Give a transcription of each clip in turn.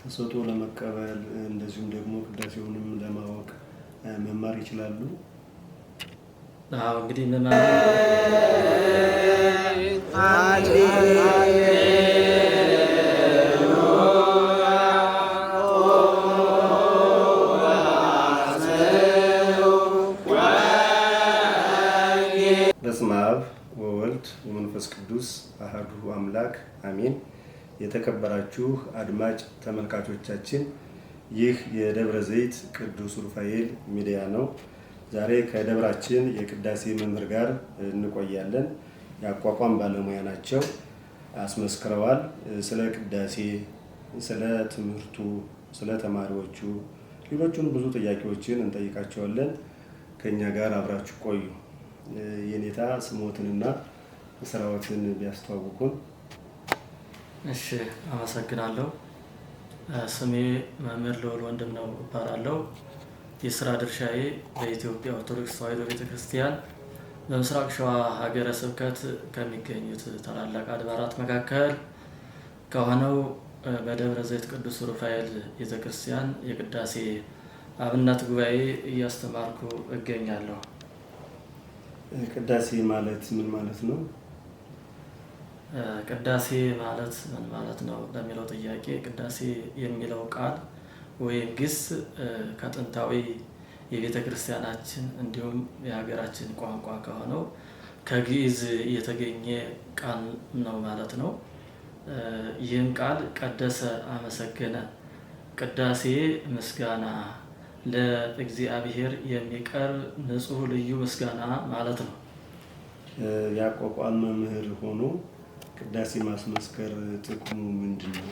ተሰጥኦ ለመቀበል እንደዚሁም ደግሞ ቅዳሴውንም ለማወቅ መማር ይችላሉ። እንግዲህ በስመ አብ ወወልድ ወመንፈስ ቅዱስ አህዱ አምላክ አሜን። የተከበራችሁ አድማጭ ተመልካቾቻችን ይህ የደብረ ዘይት ቅዱስ ሩፋኤል ሚዲያ ነው። ዛሬ ከደብራችን የቅዳሴ መምህር ጋር እንቆያለን። የአቋቋም ባለሙያ ናቸው፣ አስመስክረዋል። ስለ ቅዳሴ፣ ስለ ትምህርቱ፣ ስለ ተማሪዎቹ፣ ሌሎቹን ብዙ ጥያቄዎችን እንጠይቃቸዋለን። ከእኛ ጋር አብራችሁ ቆዩ። የኔታ ስሞትንና ስራዎትን ቢያስተዋውቁን እሺ አመሰግናለሁ። ስሜ መምህር ልዑል ወንድም ነው እባላለሁ። የስራ ድርሻዬ በኢትዮጵያ ኦርቶዶክስ ተዋሕዶ ቤተክርስቲያን በምስራቅ ሸዋ ሀገረ ስብከት ከሚገኙት ታላላቅ አድባራት መካከል ከሆነው በደብረ ዘይት ቅዱስ ሩፋኤል ቤተክርስቲያን የቅዳሴ አብነት ጉባኤ እያስተማርኩ እገኛለሁ። ቅዳሴ ማለት ምን ማለት ነው? ቅዳሴ ማለት ምን ማለት ነው ለሚለው ጥያቄ ቅዳሴ የሚለው ቃል ወይም ግስ ከጥንታዊ የቤተ ክርስቲያናችን እንዲሁም የሀገራችን ቋንቋ ከሆነው ከግዕዝ የተገኘ ቃል ነው ማለት ነው። ይህም ቃል ቀደሰ፣ አመሰገነ፣ ቅዳሴ ምስጋና፣ ለእግዚአብሔር የሚቀርብ ንጹህ ልዩ ምስጋና ማለት ነው። የአቋቋም መምህር ሆኖ ቅዳሴ ማስመስከር ጥቅሙ ምንድን ነው?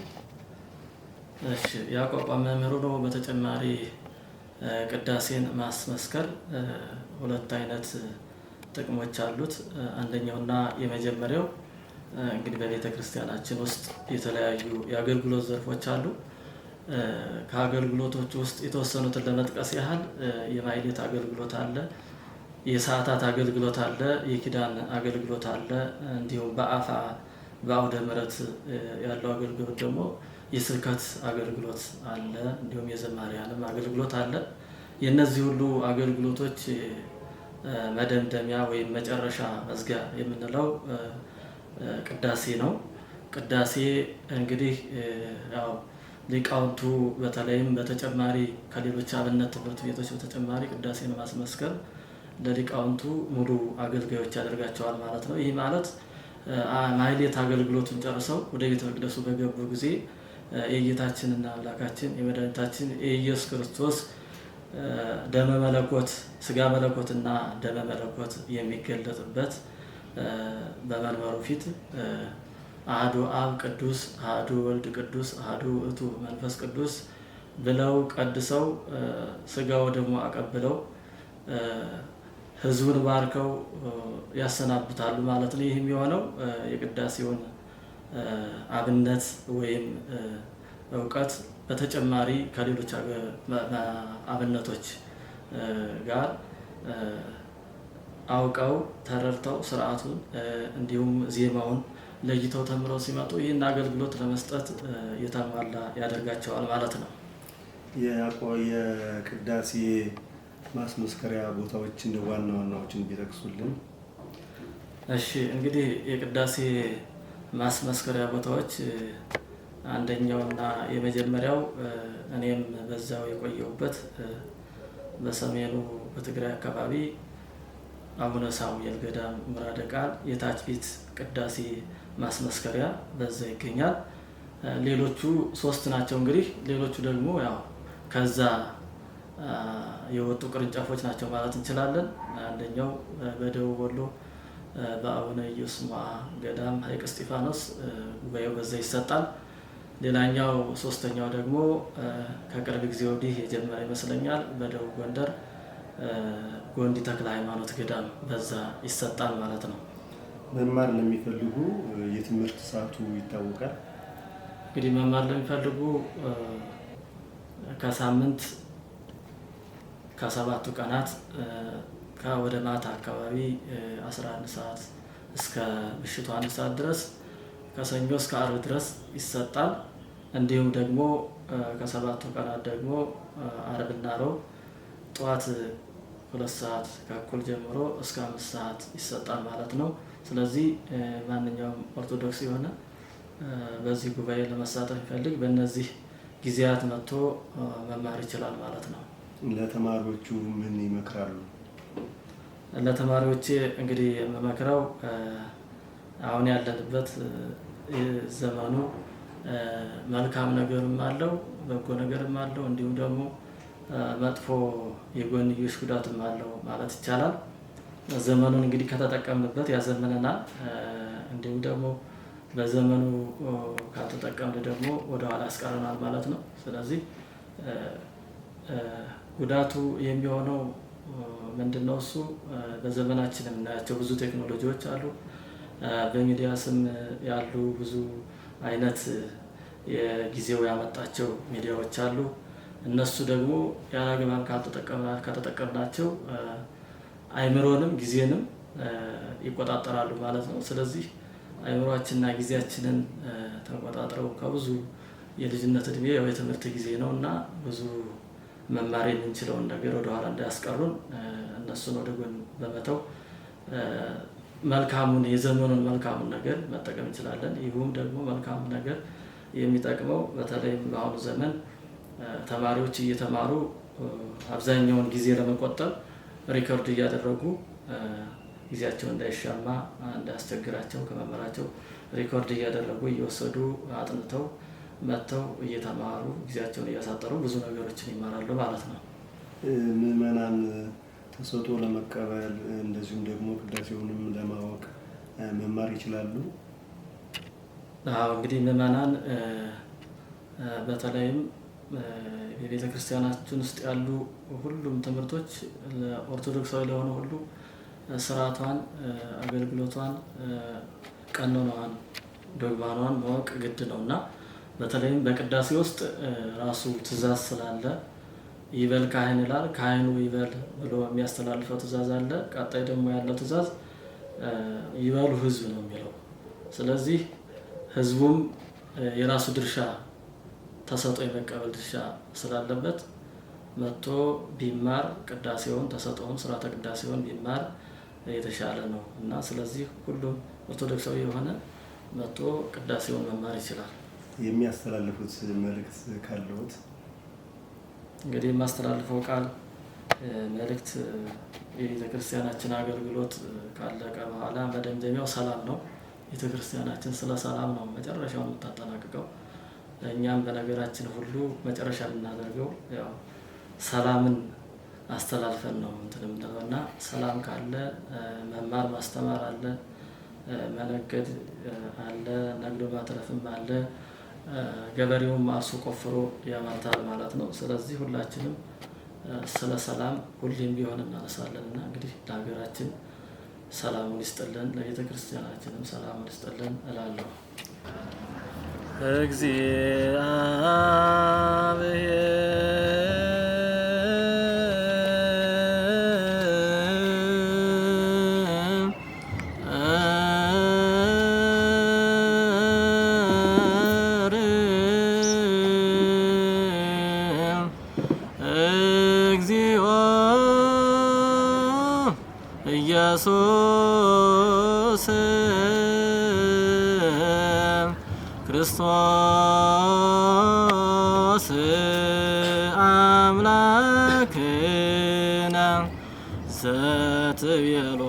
እሺ ያቋቋመ መምህሩ ደግሞ በተጨማሪ ቅዳሴን ማስመስከር ሁለት አይነት ጥቅሞች አሉት። አንደኛውና የመጀመሪያው እንግዲህ በቤተ ክርስቲያናችን ውስጥ የተለያዩ የአገልግሎት ዘርፎች አሉ። ከአገልግሎቶች ውስጥ የተወሰኑትን ለመጥቀስ ያህል የማይሌት አገልግሎት አለ፣ የሰዓታት አገልግሎት አለ፣ የኪዳን አገልግሎት አለ፣ እንዲሁም በአፋ በአውደ ምረት ያለው አገልግሎት ደግሞ የስብከት አገልግሎት አለ፣ እንዲሁም የዘማሪያንም አገልግሎት አለ። የእነዚህ ሁሉ አገልግሎቶች መደምደሚያ ወይም መጨረሻ መዝጊያ የምንለው ቅዳሴ ነው። ቅዳሴ እንግዲህ ያው ሊቃውንቱ በተለይም በተጨማሪ ከሌሎች አብነት ትምህርት ቤቶች በተጨማሪ ቅዳሴን ማስመስከር ለሊቃውንቱ ሙሉ አገልጋዮች ያደርጋቸዋል ማለት ነው። ይህ ማለት ማህሌት አገልግሎቱን ጨርሰው ወደ ቤተ መቅደሱ በገቡ ጊዜ የጌታችንና አምላካችን የመድኃኒታችን የኢየሱስ ክርስቶስ ደመ መለኮት ስጋ መለኮትና ደመ መለኮት የሚገለጥበት በመንበሩ ፊት አህዱ አብ ቅዱስ አህዱ ወልድ ቅዱስ አህዱ እቱ መንፈስ ቅዱስ ብለው ቀድሰው ስጋው ደግሞ አቀብለው ህዝቡን ባርከው ያሰናብታሉ ማለት ነው። ይህም የሆነው የቅዳሴውን አብነት ወይም እውቀት በተጨማሪ ከሌሎች አብነቶች ጋር አውቀው ተረድተው ስርዓቱን እንዲሁም ዜማውን ለይተው ተምረው ሲመጡ ይህን አገልግሎት ለመስጠት የተሟላ ያደርጋቸዋል ማለት ነው። ቅዳሴ ማስመስከሪያ ቦታዎች እንደ ዋና ዋናዎችን ቢጠቅሱልን። እሺ እንግዲህ የቅዳሴ ማስመስከሪያ ቦታዎች አንደኛውና የመጀመሪያው እኔም በዛው የቆየሁበት በሰሜኑ በትግራይ አካባቢ አቡነ ሳሙኤል ገዳም ምራደ ቃል የታችቢት ቅዳሴ ማስመስከሪያ በዛ ይገኛል። ሌሎቹ ሶስት ናቸው። እንግዲህ ሌሎቹ ደግሞ ያው ከዛ የወጡ ቅርንጫፎች ናቸው ማለት እንችላለን። አንደኛው በደቡብ ወሎ በአቡነ ኢየሱስ ሞዐ ገዳም ሀይቅ እስጢፋኖስ ጉባኤው በዛ ይሰጣል። ሌላኛው ሶስተኛው ደግሞ ከቅርብ ጊዜ ወዲህ የጀመረ ይመስለኛል በደቡብ ጎንደር ጎንዲ ተክለ ሃይማኖት ገዳም በዛ ይሰጣል ማለት ነው። መማር ለሚፈልጉ የትምህርት ሰዓቱ ይታወቃል። እንግዲህ መማር ለሚፈልጉ ከሳምንት ከሰባቱ ቀናት ከወደ ማታ አካባቢ 11 ሰዓት እስከ ምሽቱ አንድ ሰዓት ድረስ ከሰኞ እስከ አርብ ድረስ ይሰጣል። እንዲሁም ደግሞ ከሰባቱ ቀናት ደግሞ አርብና ረቡዕ ጠዋት ሁለት ሰዓት ከእኩል ጀምሮ እስከ አምስት ሰዓት ይሰጣል ማለት ነው። ስለዚህ ማንኛውም ኦርቶዶክስ የሆነ በዚህ ጉባኤ ለመሳተፍ ይፈልግ በእነዚህ ጊዜያት መጥቶ መማር ይችላል ማለት ነው። ለተማሪዎቹ ምን ይመክራሉ? ለተማሪዎች እንግዲህ የምመክረው አሁን ያለንበት ዘመኑ መልካም ነገርም አለው፣ በጎ ነገርም አለው፣ እንዲሁም ደግሞ መጥፎ የጎንዮሽ ጉዳትም አለው ማለት ይቻላል። ዘመኑን እንግዲህ ከተጠቀምንበት ያዘመነናል። እንዲሁም ደግሞ በዘመኑ ካልተጠቀምን ደግሞ ወደኋላ ያስቀረናል ማለት ነው። ስለዚህ ጉዳቱ የሚሆነው ምንድን ነው? እሱ በዘመናችን የምናያቸው ብዙ ቴክኖሎጂዎች አሉ። በሚዲያ ስም ያሉ ብዙ አይነት የጊዜው ያመጣቸው ሚዲያዎች አሉ። እነሱ ደግሞ ያላግባብ ከተጠቀምናቸው አይምሮንም ጊዜንም ይቆጣጠራሉ ማለት ነው። ስለዚህ አይምሮአችንና ጊዜያችንን ተቆጣጥረው ከብዙ የልጅነት እድሜ የትምህርት ጊዜ ነው እና ብዙ መማር የምንችለውን ነገር ወደኋላ እንዳያስቀሩን እነሱን ወደ ጎን በመተው መልካሙን የዘመኑን መልካሙን ነገር መጠቀም እንችላለን። ይሁም ደግሞ መልካሙ ነገር የሚጠቅመው በተለይም በአሁኑ ዘመን ተማሪዎች እየተማሩ አብዛኛውን ጊዜ ለመቆጠብ ሪከርድ እያደረጉ ጊዜያቸው እንዳይሻማ እንዳያስቸግራቸው ከመመራቸው ሪኮርድ እያደረጉ እየወሰዱ አጥንተው መጥተው እየተማሩ ጊዜያቸውን እያሳጠሩ ብዙ ነገሮችን ይማራሉ ማለት ነው። ምእመናን ተሰጦ ለመቀበል እንደዚሁም ደግሞ ቅዳሴውንም ለማወቅ መማር ይችላሉ። አዎ እንግዲህ ምእመናን በተለይም የቤተ ክርስቲያናችን ውስጥ ያሉ ሁሉም ትምህርቶች ኦርቶዶክሳዊ ለሆነ ሁሉ ስርዓቷን፣ አገልግሎቷን፣ ቀኖናዋን፣ ዶግማኗን ማወቅ ግድ ነው እና በተለይም በቅዳሴ ውስጥ ራሱ ትእዛዝ ስላለ ይበል ካህን ይላል። ካህኑ ይበል ብሎ የሚያስተላልፈው ትእዛዝ አለ። ቀጣይ ደግሞ ያለው ትእዛዝ ይበሉ ህዝብ ነው የሚለው። ስለዚህ ህዝቡም የራሱ ድርሻ ተሰጦ የመቀበል ድርሻ ስላለበት መጥቶ ቢማር ቅዳሴውን ተሰጠውን ስርዓተ ቅዳሴውን ቢማር የተሻለ ነው እና ስለዚህ ሁሉም ኦርቶዶክሳዊ የሆነ መጥቶ ቅዳሴውን መማር ይችላል። የሚያስተላልፉት መልእክት ካለዎት? እንግዲህ የማስተላልፈው ቃል መልእክት የቤተክርስቲያናችን አገልግሎት ካለቀ በኋላ መደምደሚያው ሰላም ነው። ቤተክርስቲያናችን ስለ ሰላም ነው መጨረሻው የምታጠናቅቀው። እኛም በነገራችን ሁሉ መጨረሻ የምናደርገው ያው ሰላምን አስተላልፈን ነው እንትን የምንለው እና ሰላም ካለ መማር ማስተማር አለ፣ መነገድ አለ፣ ነግዶ ማትረፍም አለ። ገበሬውም አርሶ ቆፍሮ ያመርታል ማለት ነው። ስለዚህ ሁላችንም ስለ ሰላም ሁሌም ቢሆን እናነሳለን እና እንግዲህ ለሀገራችን ሰላሙን ይስጥልን፣ ለቤተ ክርስቲያናችንም ሰላሙን ይስጥልን እላለሁ። እግዚአብሔር ክርስቶስ አምላክነ ዘትቤሎ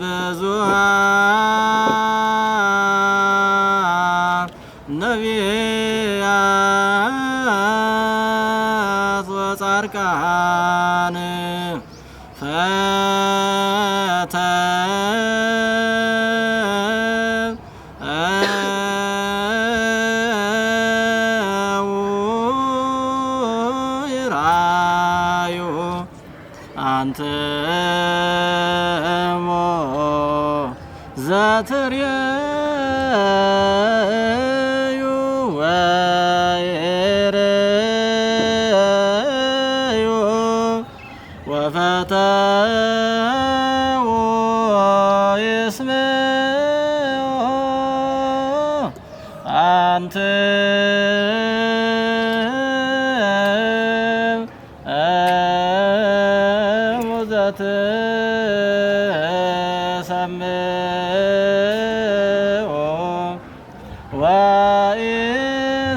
ብዙሃን ነቢያት ወጻርቃን ፈተ ትሬ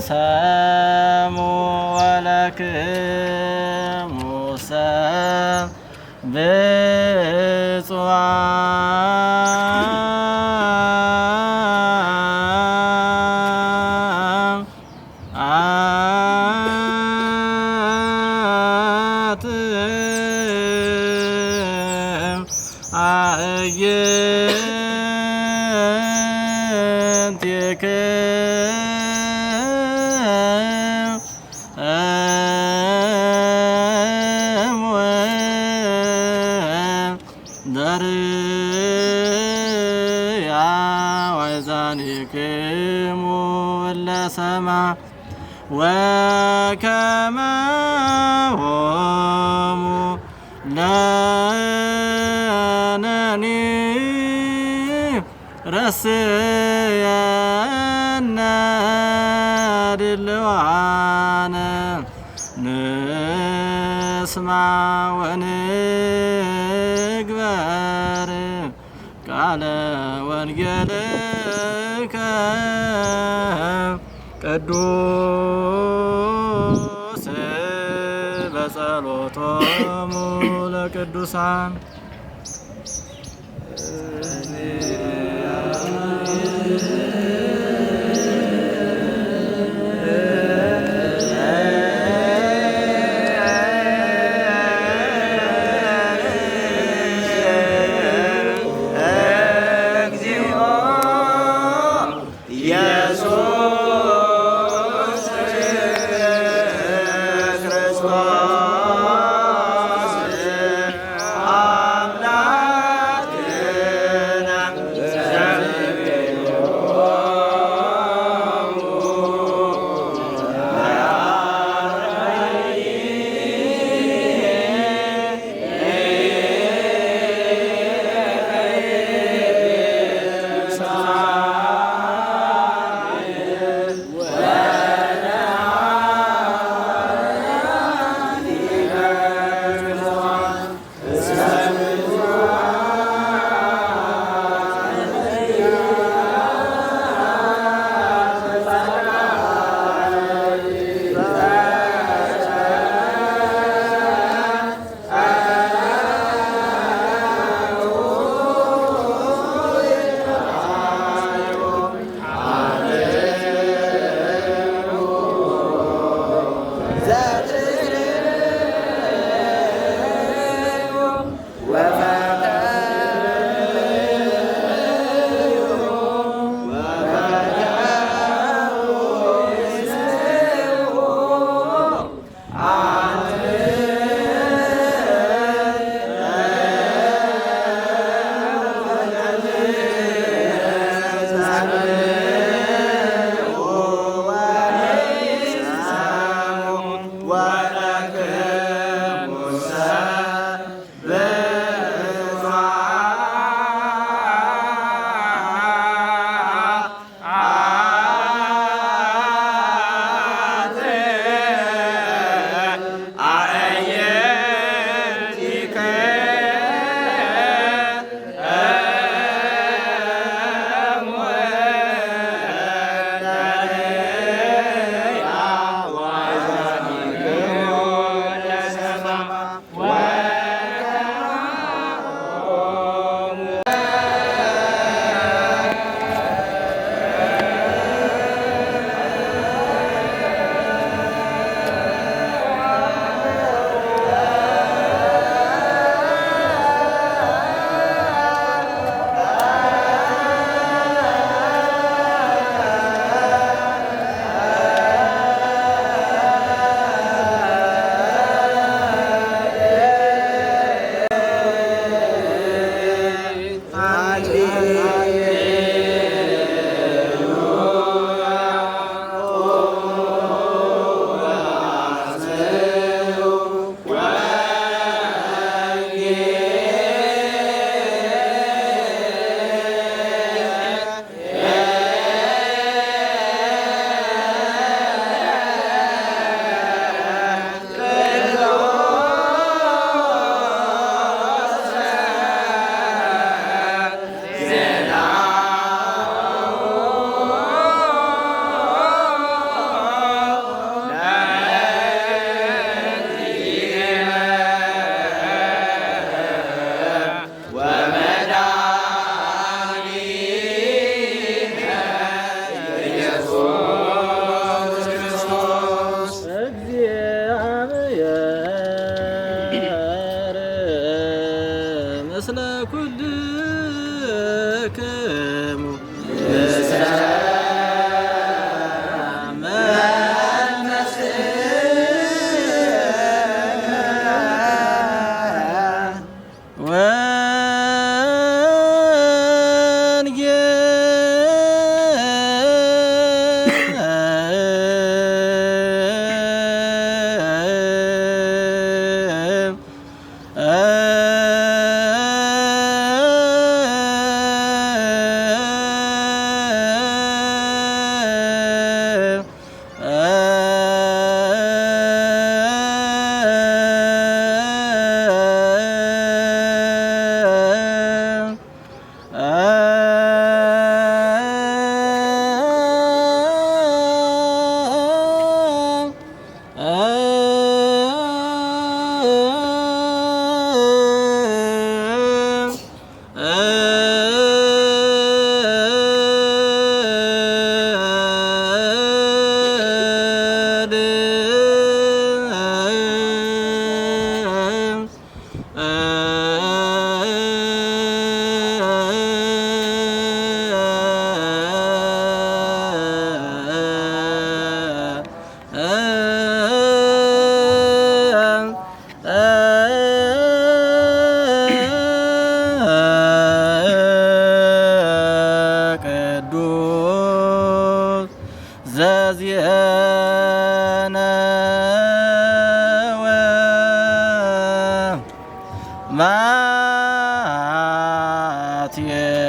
ሰሙ ወለክሙ ሰብ ረስየነ ድልዋነ ንስማ ወንግበር ቃለ ወንጌልከ ቅዱስ በጸሎቶሙ ለቅዱሳን ማቴ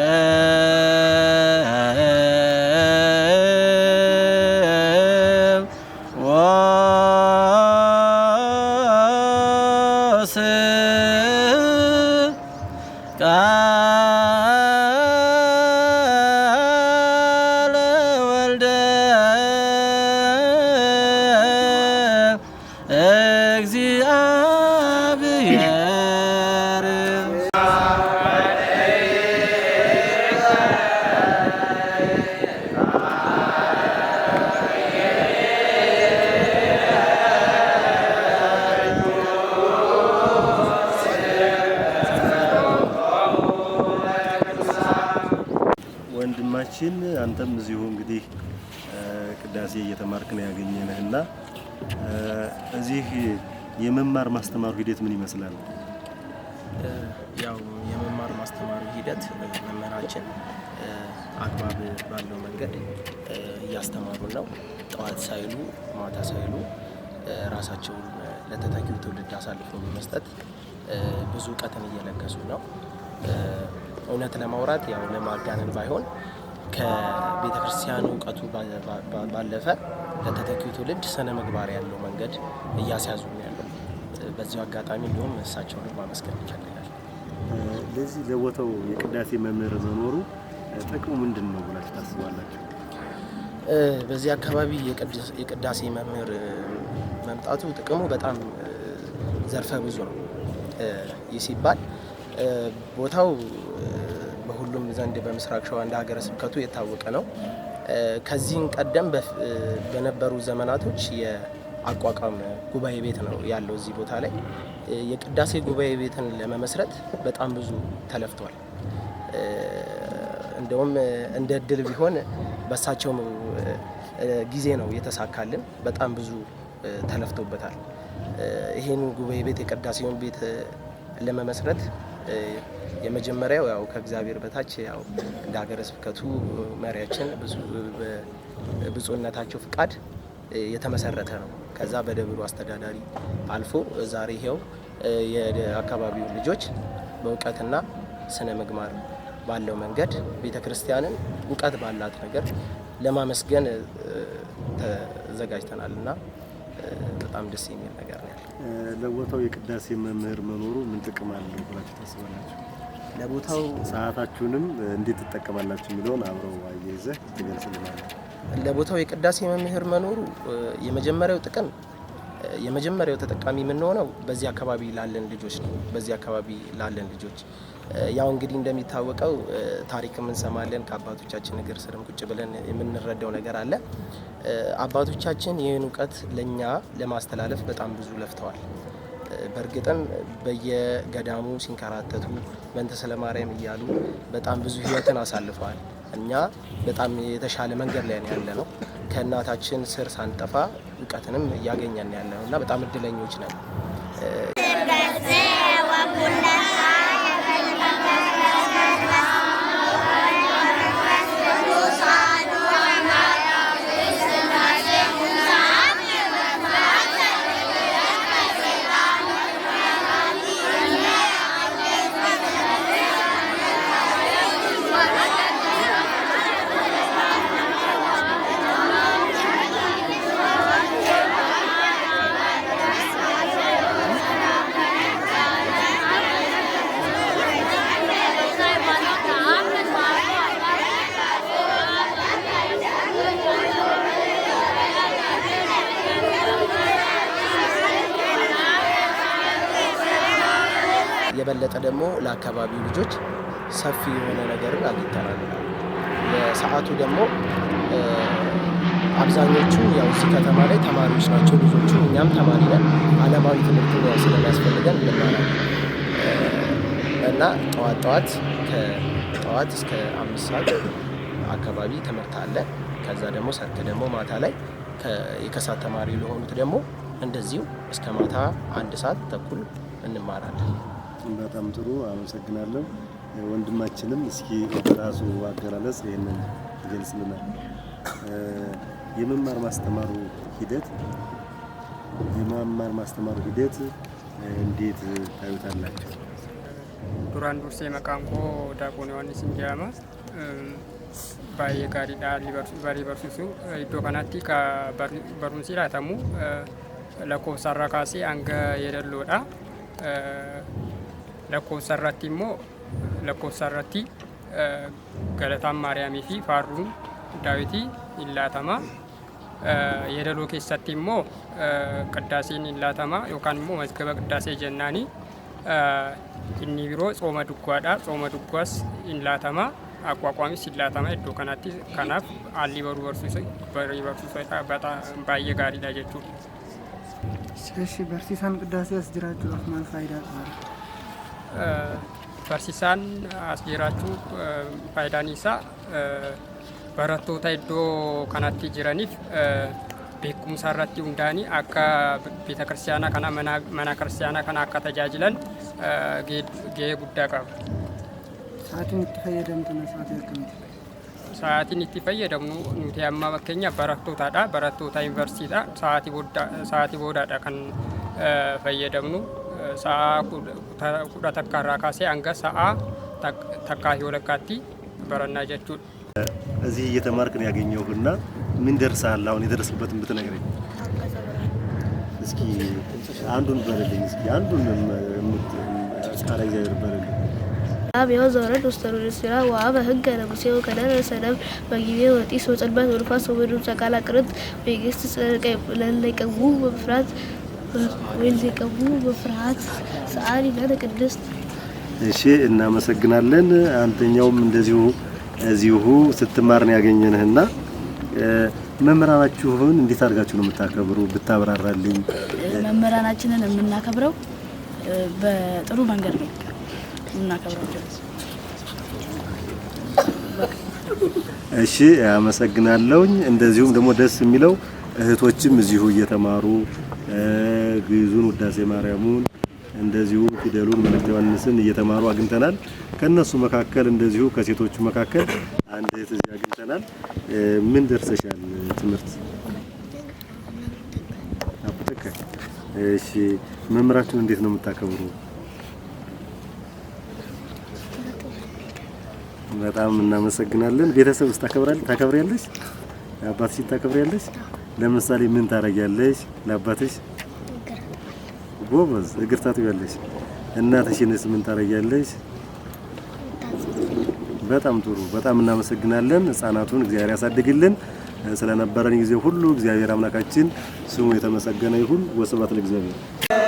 በቅስቃሴ እየተማርክ ነው ያገኘንህ እና እዚህ የመማር ማስተማሩ ሂደት ምን ይመስላል? ያው የመማር ማስተማሩ ሂደት መምህራችን አግባብ ባለው መንገድ እያስተማሩ ነው። ጠዋት ሳይሉ ማታ ሳይሉ ራሳቸውን ለተተኪው ትውልድ አሳልፈው በመስጠት ብዙ እውቀትን እየለገሱ ነው። እውነት ለማውራት ያው ለማጋነን ባይሆን ከቤተ ክርስቲያን እውቀቱ ባለፈ ለተተኪው ትውልድ ስነ ምግባር ያለው መንገድ እያስያዙ ያለው በዚሁ አጋጣሚ እንዲሁም ደግሞ ማመስገን ይቻላል። ለዚህ ለቦታው የቅዳሴ መምህር መኖሩ ጥቅሙ ምንድን ነው ብላችሁ ታስባላችሁ? በዚህ አካባቢ የቅዳሴ መምህር መምጣቱ ጥቅሙ በጣም ዘርፈ ብዙ ነው። ይህ ሲባል ቦታው በሁሉም ዘንድ በምስራቅ ሸዋ እንደ ሀገረ ስብከቱ የታወቀ ነው። ከዚህም ቀደም በነበሩ ዘመናቶች የአቋቋም ጉባኤ ቤት ነው ያለው እዚህ ቦታ ላይ። የቅዳሴ ጉባኤ ቤትን ለመመስረት በጣም ብዙ ተለፍቷል። እንደውም እንደ እድል ቢሆን በሳቸው ጊዜ ነው የተሳካልን። በጣም ብዙ ተለፍቶበታል። ይህን ጉባኤ ቤት የቅዳሴውን ቤት ለመመስረት የመጀመሪያው ያው ከእግዚአብሔር በታች ያው እንደ ሀገረ ስብከቱ መሪያችን ብፁዕነታቸው ፍቃድ የተመሰረተ ነው። ከዛ በደብሩ አስተዳዳሪ አልፎ ዛሬ ይሄው የአካባቢው ልጆች በእውቀትና ስነ ምግባር ባለው መንገድ ቤተ ክርስቲያንን እውቀት ባላት ነገር ለማመስገን ተዘጋጅተናል እና በጣም ደስ የሚል ነገር ነው ለቦታው የቅዳሴ መምህር መኖሩ ምን ጥቅም አለው ብላችሁ ታስባላችሁ? ለቦታው ሰዓታችሁንም እንዴት ትጠቀማላችሁ የሚለውን አብረው አያይዘህ ትገልጽልናለህ። ለቦታው የቅዳሴ መምህር መኖሩ የመጀመሪያው ጥቅም የመጀመሪያው ተጠቃሚ የምንሆነው በዚህ አካባቢ ላለን ልጆች ነው። በዚህ አካባቢ ላለን ልጆች ያው እንግዲህ እንደሚታወቀው ታሪክም እንሰማለን፣ ከአባቶቻችን እግር ስርም ቁጭ ብለን የምንረዳው ነገር አለ። አባቶቻችን ይህን እውቀት ለእኛ ለማስተላለፍ በጣም ብዙ ለፍተዋል። በእርግጥም በየገዳሙ ሲንከራተቱ መንተ ስለማርያም እያሉ በጣም ብዙ ህይወትን አሳልፈዋል። እኛ በጣም የተሻለ መንገድ ላይ ነው ያለ ነው። ከእናታችን ስር ሳንጠፋ እውቀትንም እያገኘን ያለ ነው እና በጣም እድለኞች ነን። ለአካባቢው ልጆች ሰፊ የሆነ ነገርን አግኝተናል። በሰዓቱ ደግሞ አብዛኞቹ ያው እዚህ ከተማ ላይ ተማሪዎች ናቸው ልጆቹ። እኛም ተማሪ ነን። አለማዊ ትምህርት ነው ስለሚያስፈልገን ልናላል እና ጠዋት ጠዋት ከጠዋት እስከ አምስት ሰዓት አካባቢ ትምህርት አለ። ከዛ ደግሞ ሰርክ ደግሞ ማታ ላይ የከሳት ተማሪ ለሆኑት ደግሞ እንደዚሁ እስከ ማታ አንድ ሰዓት ተኩል እንማራለን። ቃላቱን በጣም ጥሩ አመሰግናለሁ። ወንድማችንም እስኪ በራሱ አገላለጽ ይህንን ይገልጽልናል። የመማር ማስተማሩ ሂደት የመማር ማስተማሩ ሂደት እንዴት ታዩታላቸው? ዱራን ዱርሴ መቃንቆ ዳቆን ዮሐንስ እንዲያማ ባየ ጋሪዳ በሪ በርሲሱ ኢዶ ከናቲ በሩንሲ ላታሙ ለኮብሳራ ካሴ አንገ የደሎ ዳ lakkoofsarratti immoo lakkoofsarratti galataan maariyaamii fi faarruun daawitii in laatamaa yeedaloo keessatti immoo qiddaasiin in laatamaa yookaan immoo mazgaba qiddaasee jennaanii inni biroo tsooma duggaadha. Tsooma duggaas in laatamaa akwaakwaamis in laatamaa iddoo kanatti kanaaf haalli baruu barsiisaa baay'ee gaariidha jechuudha. Barsiisaan qiddaasee as jiraachuudhaaf maal faayidaa qaba? barsiisaan as jiraachuu faayidaan isaa barattoota iddoo kanatti jiraniif beekumsa irratti hundaanii akka beeta kiristaanaa kana mana kiristaanaa kana akka tajaajilan gahee guddaa qaba. Sa'aatiin itti fayyadamtu sa'aatii akkamiiti? Sa'aatiin itti fayyadamnu nuti amma fakkeenya barattootadha. Barattoota yuunivarsiitiidha. Sa'aatii boodaadha kan fayyadamnu. sa'a kudha takka irraa kaasee hanga sa'a takkaa በረና ጀቹ እዚህ እየተማርክ ነው ያገኘሁና ምን ደርሰሃል? አሁን የደረስክበትን ብትነግረኝ እስኪ። አንዱን በልልኝ እስኪ አንዱን ቃለ እግዚአብሔር በልልኝ አብ የወዘወረድ ውስተ ርዕስ ስራ ወአበ ህገ ለሙሴ ወከለነ በጊዜ ወጢስ ወጽልበት ወንፋስ ወበድምፀ ቃል አቅርት ቤግስት ለለቀቡ በፍራት ወይልዘቀቡ በፍርሃት ሰአሊ ለቅድስት። እሺ እናመሰግናለን። አንተኛውም እንደዚሁ እዚሁ ስትማርን ያገኘንህና መምህራናችሁን እንዴት አድርጋችሁ ነው የምታከብሩ? ብታብራራልኝ። መምህራናችንን የምናከብረው በጥሩ መንገድ ነው የምናከብራቸው። እሺ አመሰግናለሁኝ። እንደዚሁም ደግሞ ደስ የሚለው እህቶችም እዚሁ እየተማሩ ግዕዙን ውዳሴ ማርያሙን እንደዚሁ ፊደሉን መልእክተ ዮሐንስን እየተማሩ አግኝተናል። ከነሱ መካከል እንደዚሁ ከሴቶቹ መካከል አንድ እህት እዚህ አግኝተናል። ምን ደርሰሻል? ትምህርት አጥተከ። እሺ፣ መምህራችሁን እንዴት ነው የምታከብሩ? በጣም እናመሰግናለን። ቤተሰብ ውስጥ ታከብራለች ታከብሪያለሽ? አባትሽን ታከብሪያለሽ? ለምሳሌ ምን ታረጊያለሽ ለአባትሽ? ጎበዝ እግር ታጥቢያለሽ። እናትሽንስ ምን ታረጊያለሽ? በጣም ጥሩ። በጣም እናመሰግናለን። ህጻናቱን እግዚአብሔር ያሳድግልን። ስለነበረን ጊዜ ሁሉ እግዚአብሔር አምላካችን ስሙ የተመሰገነ ይሁን። ወስብሐት ለእግዚአብሔር።